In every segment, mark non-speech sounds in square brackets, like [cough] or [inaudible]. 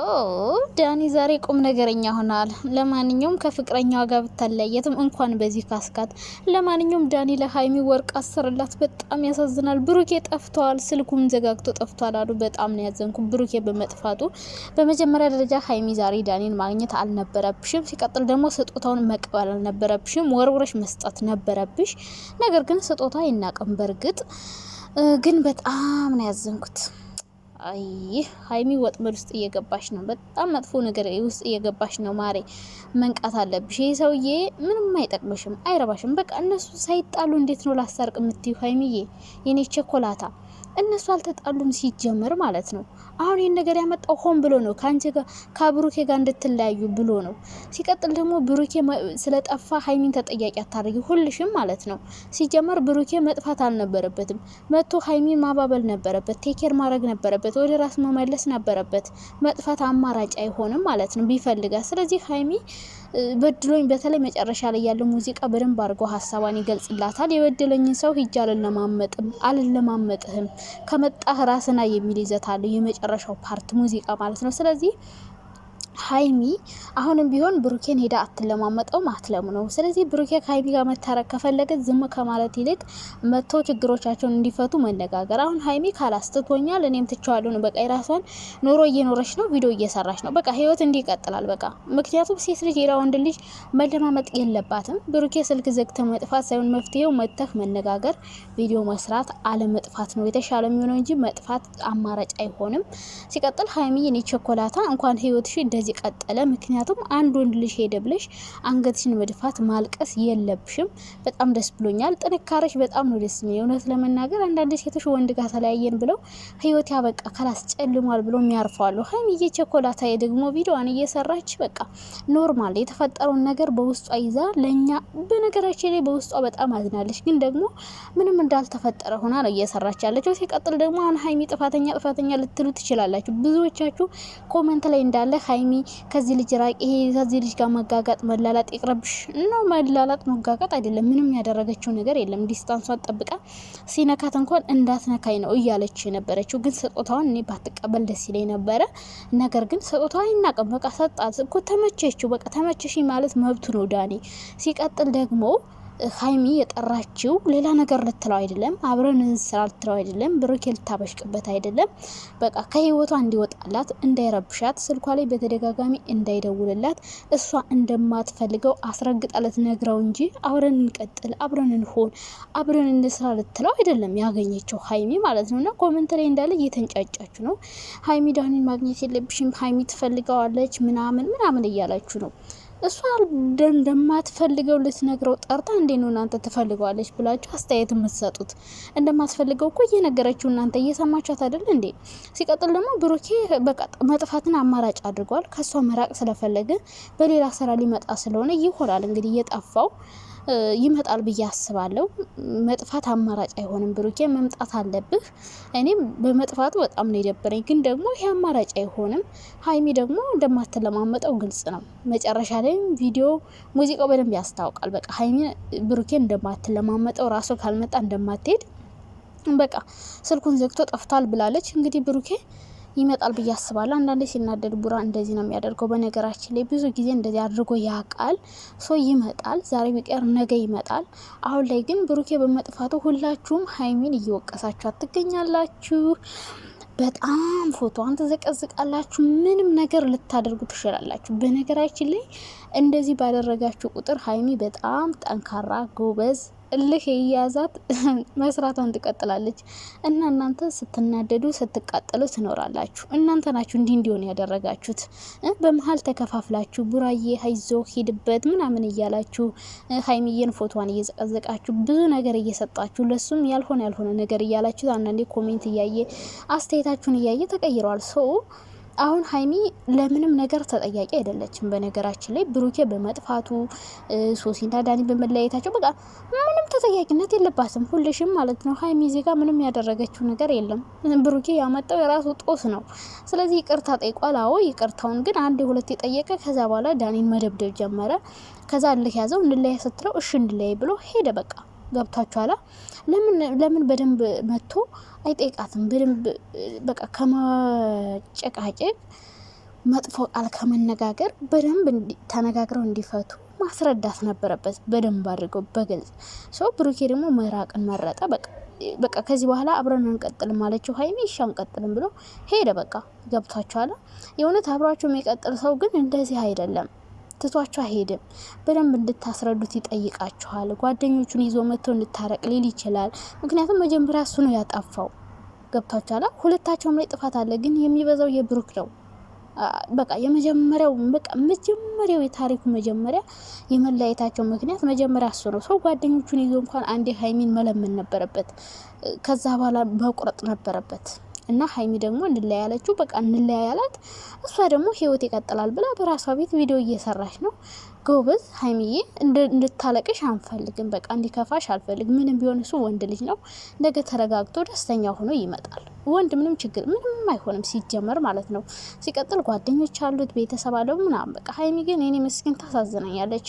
ኦ ዳኒ ዛሬ ቁም ነገረኛ ሆናል። ለማንኛውም ከፍቅረኛዋ ጋር ብታለያየትም እንኳን በዚህ ካስካት። ለማንኛውም ዳኒ ለሀይሚ ወርቅ አሰርላት በጣም ያሳዝናል። ብሩኬ ጠፍቷል፣ ስልኩም ዘጋግቶ ጠፍቷል አሉ። በጣም ነው ያዘንኩ ብሩኬ በመጥፋቱ። በመጀመሪያ ደረጃ ሀይሚ ዛሬ ዳኒን ማግኘት አልነበረብሽም። ሲቀጥል ደግሞ ስጦታውን መቀበል አልነበረብሽም፣ ወርውረሽ መስጠት ነበረብሽ። ነገር ግን ስጦታ አይናቅም። በእርግጥ ግን በጣም ነው ያዘንኩት። ይህ ሀይሚ ወጥመድ ውስጥ እየገባሽ ነው። በጣም መጥፎ ነገር ውስጥ እየገባሽ ነው። ማሬ መንቃት አለብሽ። ይህ ሰውዬ ምንም አይጠቅምሽም፣ አይረባሽም። በቃ እነሱ ሳይጣሉ እንዴት ነው ላስታርቅ የምትዩ? ሀይሚዬ የኔ ቸኮላታ እነሱ አልተጣሉም ሲጀመር ማለት ነው። አሁን ይህን ነገር ያመጣው ሆን ብሎ ነው፣ ከአንቺ ጋር ከብሩኬ ጋር እንድትለያዩ ብሎ ነው። ሲቀጥል ደግሞ ብሩኬ ስለጠፋ ሀይሚን ተጠያቂ አታደርጊ ሁልሽም ማለት ነው። ሲጀመር ብሩኬ መጥፋት አልነበረበትም። መጥቶ ሀይሚን ማባበል ነበረበት፣ ቴኬር ማድረግ ነበረበት፣ ወደ ራስ መመለስ ነበረበት። መጥፋት አማራጭ አይሆንም ማለት ነው ቢፈልጋል። ስለዚህ ሀይሚ በድሎኝ በተለይ መጨረሻ ላይ ያለው ሙዚቃ በደንብ አድርጎ ሀሳቧን ይገልጽላታል። የበደለኝን ሰው ሂጅ አልለማመጥም አልለማመጥህም ከመጣህ ራስና የሚል ይዘት አለው የመጨረሻው ፓርት ሙዚቃ ማለት ነው። ስለዚህ ሀይሚ አሁንም ቢሆን ብሩኬን ሄዳ አትለማመጠውም ነው። ስለዚህ ብሩኬ ከሀይሚ ጋር መታረቅ ከፈለገ ዝም ከማለት ይልቅ መጥቶ ችግሮቻቸውን እንዲፈቱ መነጋገር። አሁን ሀይሚ ካላስትቶኛል እኔም ትቸዋለሁ። በቃ የራሷን ኑሮ እየኖረች ነው፣ ቪዲዮ እየሰራች ነው። በቃ ህይወት እንዲህ ይቀጥላል። በቃ ምክንያቱም ሴት ልጅ ሄዳ ወንድ ልጅ መለማመጥ የለባትም። ብሩኬ ስልክ ዘግተ መጥፋት ሳይሆን መፍትሄው መተህ መነጋገር፣ ቪዲዮ መስራት አለመጥፋት ነው የተሻለ የሚሆነው እንጂ መጥፋት አማራጭ አይሆንም። ሲቀጥል ሀይሚ እኔ ቸኮላታ እንኳን ህይወትሽ እንደዚህ ቀጠለ ምክንያት ምክንያቱም አንድ ወንድ ልጅ ሄደ ብለሽ አንገትሽን መድፋት ማልቀስ የለብሽም። በጣም ደስ ብሎኛል። ጥንካሬሽ በጣም ነው ደስ የሚል። እውነት ለመናገር አንዳንድ ሴቶች ወንድ ጋር ተለያየን ብለው ህይወት ያበቃ ካላስ ጨልሟል ብሎ የሚያርፋሉ። ሀይሚ እየቸኮላታ ደግሞ ቪዲዮዋን እየሰራች በቃ ኖርማል የተፈጠረውን ነገር በውስጧ ይዛ ለእኛ በነገራችን ላይ በውስጧ በጣም አዝናለች፣ ግን ደግሞ ምንም እንዳልተፈጠረ ሆና ነው እየሰራች ያለችው። ሲቀጥል ደግሞ አሁን ሀይሚ ጥፋተኛ ጥፋተኛ ልትሉ ትችላላችሁ ብዙዎቻችሁ ኮመንት ላይ እንዳለ ሀይሚ ከዚህ ልጅ ራ በቃ ይሄ ከዚህ ልጅ ጋር መጋጋጥ መላላጥ ይቅረብሽ ነው። መላላጥ መጋጋጥ አይደለም። ምንም ያደረገችው ነገር የለም። ዲስታንሷን ጠብቃ ሲነካት እንኳን እንዳትነካኝ ነው እያለች የነበረችው። ግን ስጦታውን እኔ ባትቀበል ደስ ይለኝ ነበረ። ነገር ግን ስጦታ አይናቅም። በቃ ሰጣት እኮ ተመቸችው። በቃ ተመቸሽኝ ማለት መብቱ ነው ዳኔ። ሲቀጥል ደግሞ ሀይሚ የጠራችው ሌላ ነገር ልትለው አይደለም፣ አብረን እንስራ ልትለው አይደለም፣ ብሩኬ ልታበሽቅበት አይደለም። በቃ ከህይወቷ እንዲወጣላት፣ እንዳይረብሻት፣ ስልኳ ላይ በተደጋጋሚ እንዳይደውልላት፣ እሷ እንደማትፈልገው አስረግጣለት ነግረው እንጂ አብረን እንቀጥል፣ አብረን እንሆን፣ አብረን እንስራ ልትለው አይደለም ያገኘችው ሀይሚ ማለት ነው። እና ኮመንት ላይ እንዳለ እየተንጫጫችሁ ነው። ሀይሚ ዳኒን ማግኘት የለብሽም፣ ሀይሚ ትፈልገዋለች ምናምን ምናምን እያላችሁ ነው። እሷ እንደማትፈልገው ልትነግረው ጠርታ እንዴ ነው እናንተ ትፈልገዋለች ብላችሁ አስተያየት የምትሰጡት? እንደማትፈልገው እኮ እየነገረችው እናንተ እየሰማችኋት አይደል እንዴ? ሲቀጥል ደግሞ ብሩኬ በቃ መጥፋትን አማራጭ አድርጓል። ከእሷ መራቅ ስለፈለገ በሌላ ስራ ሊመጣ ስለሆነ ይሆናል እንግዲህ እየጠፋው ይመጣል ብዬ አስባለሁ። መጥፋት አማራጭ አይሆንም ብሩኬ፣ መምጣት አለብህ። እኔም በመጥፋቱ በጣም ነው የደበረኝ፣ ግን ደግሞ ይሄ አማራጭ አይሆንም። ሀይሚ ደግሞ እንደማትለማመጠው ግልጽ ነው። መጨረሻ ላይም ቪዲዮ ሙዚቃው በደንብ ያስታውቃል። በቃ ሀይሚ ብሩኬ እንደማትለማመጠው ራሱ ካልመጣ እንደማትሄድ በቃ ስልኩን ዘግቶ ጠፍቷል ብላለች። እንግዲህ ብሩኬ ይመጣል ብዬ አስባለሁ። አንዳንዴ ሲናደድ ቡራ እንደዚህ ነው የሚያደርገው። በነገራችን ላይ ብዙ ጊዜ እንደዚህ አድርጎ ያውቃል። ሶ ይመጣል፣ ዛሬ ቢቀር ነገ ይመጣል። አሁን ላይ ግን ብሩኬ በመጥፋቱ ሁላችሁም ሀይሚን እየወቀሳችኋት ትገኛላችሁ። በጣም ፎቶዋን ትዘቀዝቃላችሁ። ምንም ነገር ልታደርጉ ትችላላችሁ። በነገራችን ላይ እንደዚህ ባደረጋችሁ ቁጥር ሀይሚ በጣም ጠንካራ ጎበዝ እልህ የያዛት [laughs] መስራቷን ትቀጥላለች እና እናንተ ስትናደዱ ስትቃጠሉ ትኖራላችሁ። እናንተ ናችሁ እንዲህ እንዲሆን ያደረጋችሁት። በመሀል ተከፋፍላችሁ ቡራዬ ሀይዞ ሂድበት ምናምን እያላችሁ ሀይሚዬን ፎቶዋን እየዘቀዘቃችሁ ብዙ ነገር እየሰጣችሁ ለሱም ያልሆነ ያልሆነ ነገር እያላችሁ አንዳንዴ ኮሜንት እያየ አስተያየታችሁን እያየ ተቀይረዋል ሰው አሁን ሀይሚ ለምንም ነገር ተጠያቂ አይደለችም። በነገራችን ላይ ብሩኬ በመጥፋቱ ሶሲና ዳኒ በመለያየታቸው በቃ ምንም ተጠያቂነት የለባትም። ሁልሽም ማለት ነው ሀይሚ ዜጋ ምንም ያደረገችው ነገር የለም። ብሩኬ ያመጣው የራሱ ጦስ ነው። ስለዚህ ይቅርታ ጠይቋል። አዎ ይቅርታውን ግን አንድ ሁለት የጠየቀ ከዛ በኋላ ዳኒን መደብደብ ጀመረ። ከዛ እልህ ያዘው። እንለያ ስትለው እሺ እንለያይ ብሎ ሄደ በቃ ገብታችኋላ። ለምን ለምን በደንብ መጥቶ አይጠይቃትም? በደንብ በቃ ከመጨቃጨቅ መጥፎ ቃል ከመነጋገር በደንብ ተነጋግረው እንዲፈቱ ማስረዳት ነበረበት፣ በደንብ አድርገው በግልጽ ሰው። ብሩኬ ደግሞ መራቅን መረጠ። በቃ ከዚህ በኋላ አብረን አንቀጥልም አለችው ሀይሚ። እሺ አንቀጥልም ብሎ ሄደ። በቃ ገብታችኋላ። የእውነት አብሯቸው የሚቀጥል ሰው ግን እንደዚህ አይደለም። ትቷቸው አይሄድም። በደንብ እንድታስረዱት ይጠይቃችኋል። ጓደኞቹን ይዞ መጥቶ እንድታረቅ ሊል ይችላል። ምክንያቱም መጀመሪያ እሱ ነው ያጠፋው። ገብቷችኋል? ሁለታቸውም ላይ ጥፋት አለ፣ ግን የሚበዛው የብሩክ ነው። በቃ የመጀመሪያው በቃ መጀመሪያው የታሪኩ መጀመሪያ የመለያየታቸው ምክንያት መጀመሪያ እሱ ነው። ሰው ጓደኞቹን ይዞ እንኳን አንዴ ሀይሚን መለመን ነበረበት። ከዛ በኋላ መቁረጥ ነበረበት። እና ሀይሚ ደግሞ እንለያ ያለችው በቃ እንለያ ያላት እሷ ደግሞ ህይወት ይቀጥላል ብላ በራሷ ቤት ቪዲዮ እየሰራች ነው። ጎበዝ ሀይሚዬ፣ እንድታለቅሽ አንፈልግም። በቃ እንዲከፋሽ አልፈልግ። ምንም ቢሆን እሱ ወንድ ልጅ ነው። ነገ ተረጋግቶ ደስተኛ ሆኖ ይመጣል። ወንድ ምንም ችግር ምንም አይሆንም፣ ሲጀመር ማለት ነው። ሲቀጥል ጓደኞች አሉት፣ ቤተሰብ አለው ምናምን። በቃ ሀይሚ ግን እኔ ምስኪን ታሳዝናኛለች።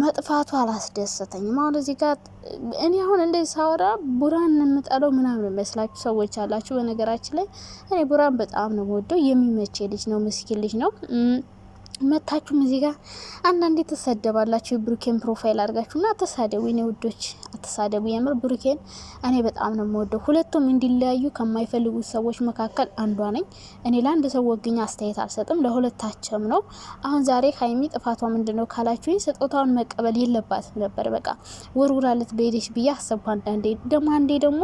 መጥፋቱ አላስደሰተኝ። አሁን እዚህ ጋር እኔ አሁን እንደዚህ ሳወራ ቡራን የምጠለው ምናምን መስላችሁ ሰዎች አላችሁ። በነገራችን ላይ እኔ ቡራን በጣም ነው ወደው የሚመቼ ልጅ ነው፣ ምስኪን ልጅ ነው። መታችሁም እዚህ ጋር አንዳንዴ ትሰደባላችሁ። የብሩኬን ፕሮፋይል አድርጋችሁ እና አትሳደቡ፣ የኔ ውዶች አትሳደቡ። የምር ብሩኬን እኔ በጣም ነው የምወደው። ሁለቱም እንዲለያዩ ከማይፈልጉ ሰዎች መካከል አንዷ ነኝ እኔ። ለአንድ ሰው ወግኝ አስተያየት አልሰጥም፣ ለሁለታቸውም ነው። አሁን ዛሬ ሀይሚ ጥፋቷ ምንድን ነው ካላችሁኝ፣ ስጦታውን መቀበል የለባትም ነበር። በቃ ወርውራለት በሄደች ብዬ አሰብኩ። አንዳንዴ ደግሞ አንዴ ደግሞ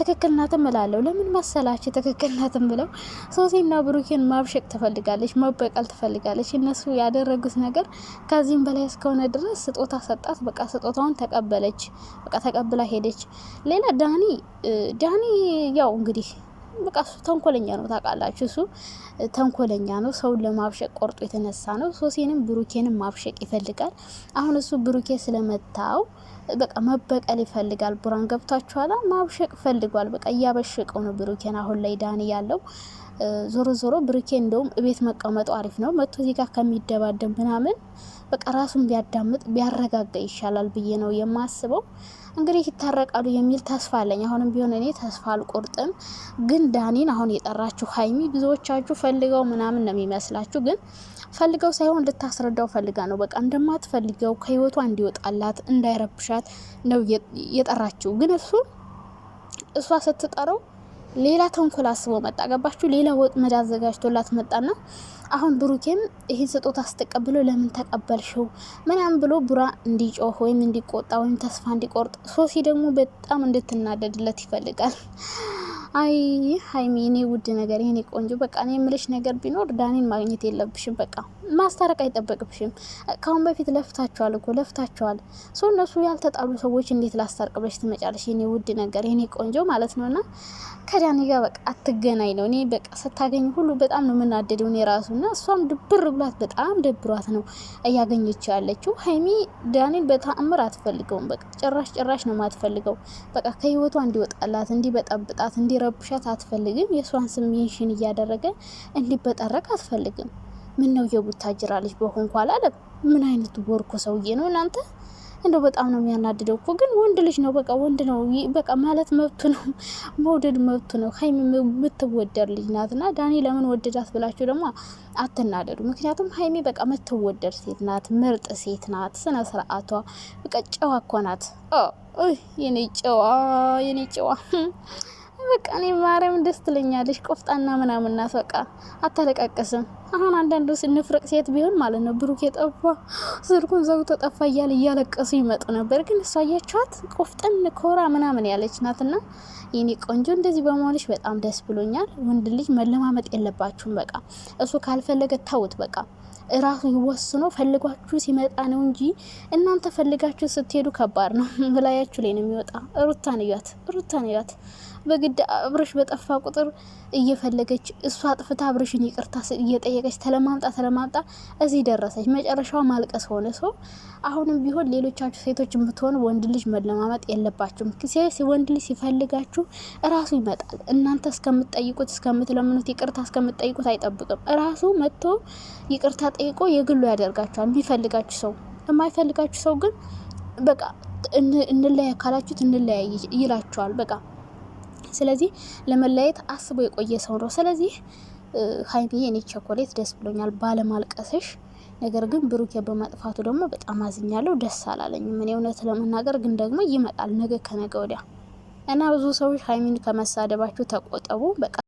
ትክክል ናትም እላለሁ። ለምን መሰላችሁ ትክክል ናትም ብለው ሶሴና ብሩኬን ማብሸቅ ትፈልጋለች፣ መበቀል ትፈልጋለች። እነሱ ያደረጉት ነገር ከዚህም በላይ እስከሆነ ድረስ ስጦታ ሰጣት። በቃ ስጦታውን ተቀበለች። በቃ ተቀብላ ሄደች። ሌላ ዳኒ ዳኒ ያው እንግዲህ በቃ እሱ ተንኮለኛ ነው ታውቃላችሁ። እሱ ተንኮለኛ ነው። ሰውን ለማብሸቅ ቆርጦ የተነሳ ነው። ሶሴንም ብሩኬንም ማብሸቅ ይፈልጋል። አሁን እሱ ብሩኬ ስለመታው በቃ መበቀል ይፈልጋል። ቡራን ገብታችኋላ? ማብሸቅ ፈልጓል። በቃ እያበሸቀው ነው ብሩኬን አሁን ላይ ዳኒ ያለው ዞሮ ዞሮ ብሩኬ እንደውም እቤት መቀመጡ አሪፍ ነው። መጥቶ እዚህ ጋር ከሚደባደብ ምናምን በቃ ራሱን ቢያዳምጥ ቢያረጋጋ ይሻላል ብዬ ነው የማስበው። እንግዲህ ይታረቃሉ የሚል ተስፋ አለኝ። አሁንም ቢሆን እኔ ተስፋ አልቆርጥም። ግን ዳኒን አሁን የጠራችሁ ሀይሚ ብዙዎቻችሁ ፈልገው ምናምን ነው የሚመስላችሁ። ግን ፈልገው ሳይሆን ልታስረዳው ፈልጋ ነው። በቃ እንደማትፈልገው ከህይወቷ እንዲወጣላት እንዳይረብሻት ነው የጠራችው። ግን እሱ እሷ ስትጠረው ሌላ ተንኮል አስቦ መጣ። ገባችሁ? ሌላ ወጥመድ አዘጋጅቶላት መጣና አሁን ብሩኬም ይህን ስጦታ ስትቀብሎ ለምን ተቀበልሽው ምናምን ብሎ ቡራ እንዲጮህ ወይም እንዲቆጣ ወይም ተስፋ እንዲቆርጥ፣ ሶሲ ደግሞ በጣም እንድትናደድለት ይፈልጋል። አይ ሀይሚ፣ እኔ ውድ ነገር ይሄኔ ቆንጆ፣ በቃ እኔ የምልሽ ነገር ቢኖር ዳኒን ማግኘት የለብሽም። በቃ ማስታረቅ አይጠበቅብሽም። ከአሁን በፊት ለፍታችኋል እኮ ለፍታችኋል። ሰው እነሱ ያልተጣሉ ሰዎች እንዴት ላስታርቅ ብለሽ ትመጫለሽ? የኔ ውድ ነገር የኔ ቆንጆ ማለት ነው። እና ከዳኒ ጋር በቃ አትገናኝ ነው። እኔ በቃ ስታገኝ ሁሉ በጣም ነው የምናደደው እኔ ራሱ እና እሷም ድብር ብሏት በጣም ደብሯት ነው እያገኘች ያለችው። ሀይሚ ዳኒን በተአምር አትፈልገውም። በቃ ጭራሽ ጭራሽ ነው ማትፈልገው በቃ ከህይወቷ እንዲወጣላት፣ እንዲበጠብጣት፣ እንዲ እንዲረብሻት አትፈልግም። የእሷን ስም ሜንሽን እያደረገ እንዲበጠረቅ አትፈልግም። ምን ነው የቡታጅራ ልጅ በሆንኩ አላለም። ምን አይነት ቦርኮ ሰውዬ ነው እናንተ! እንደው በጣም ነው የሚያናድደው እኮ ግን ወንድ ልጅ ነው። በቃ ወንድ ነው። በቃ ማለት መብቱ ነው፣ መውደድ መብቱ ነው። ሀይሚ የምትወደድ ልጅ ናት። እና ዳኒ ለምን ወደዳት ብላችሁ ደግሞ አትናደዱ። ምክንያቱም ሀይሚ በቃ የምትወደድ ሴት ናት፣ ምርጥ ሴት ናት። ስነ ስርአቷ በቃ ጨዋ እኮ ናት። የኔ ጨዋ የኔ ጨዋ በቃ እኔ ማርያም ደስ ትለኛለች። ቆፍጣና ምናምን ናት። በቃ አሁን አንዳንዱ ስንፍርቅ ሴት ቢሆን ማለት ነው ብሩክ የጠፋ ስልኩን ዘግቶ ጠፋ እያለ እያለቀሱ ይመጡ ነበር። ግን እሷ አያችኋት ቆፍጠን ኮራ ምናምን ያለች ናትና የኔ ቆንጆ እንደዚህ በመሆንሽ በጣም ደስ ብሎኛል። ወንድ ልጅ መለማመጥ የለባችሁም። በቃ እሱ ካልፈለገ ታውት በቃ እራሱ ይወስኖ ፈልጓችሁ ሲመጣ ነው እንጂ እናንተ ፈልጋችሁ ስትሄዱ ከባድ ነው። ብላያችሁ [laughs] ላይ ነው የሚወጣ። ሩታን እያት፣ ሩታን እያት በግድ አብርሽ በጠፋ ቁጥር እየፈለገች እሷ አጥፍታ አብርሽን ይቅርታ እየጠየቀች ተለማምጣ ተለማምጣ እዚህ ደረሰች። መጨረሻው ማልቀስ ሆነ። ሰው አሁንም ቢሆን ሌሎቻችሁ ሴቶች የምትሆን ወንድ ልጅ መለማመጥ የለባችሁም። ወንድ ልጅ ሲፈልጋችሁ እራሱ ይመጣል። እናንተ እስከምትጠይቁት እስከምትለምኑት፣ ይቅርታ እስከምትጠይቁት አይጠብቅም። እራሱ መጥቶ ይቅርታ ጠይቆ የግሉ ያደርጋችኋል የሚፈልጋችሁ ሰው። የማይፈልጋችሁ ሰው ግን በቃ እንለያ ካላችሁት እንለያይ ይላችኋል በቃ ስለዚህ ለመለያየት አስቦ የቆየ ሰው ነው። ስለዚህ ሀይሚዬ እኔ ቸኮሌት ደስ ብሎኛል ባለማልቀስሽ። ነገር ግን ብሩኬ በመጥፋቱ ደግሞ በጣም አዝኛለሁ። ደስ አላለኝም እኔ እውነት ለመናገር ግን ደግሞ ይመጣል ነገ ከነገ ወዲያ እና ብዙ ሰዎች ሀይሚን ከመሳደባችሁ ተቆጠቡ። በቃ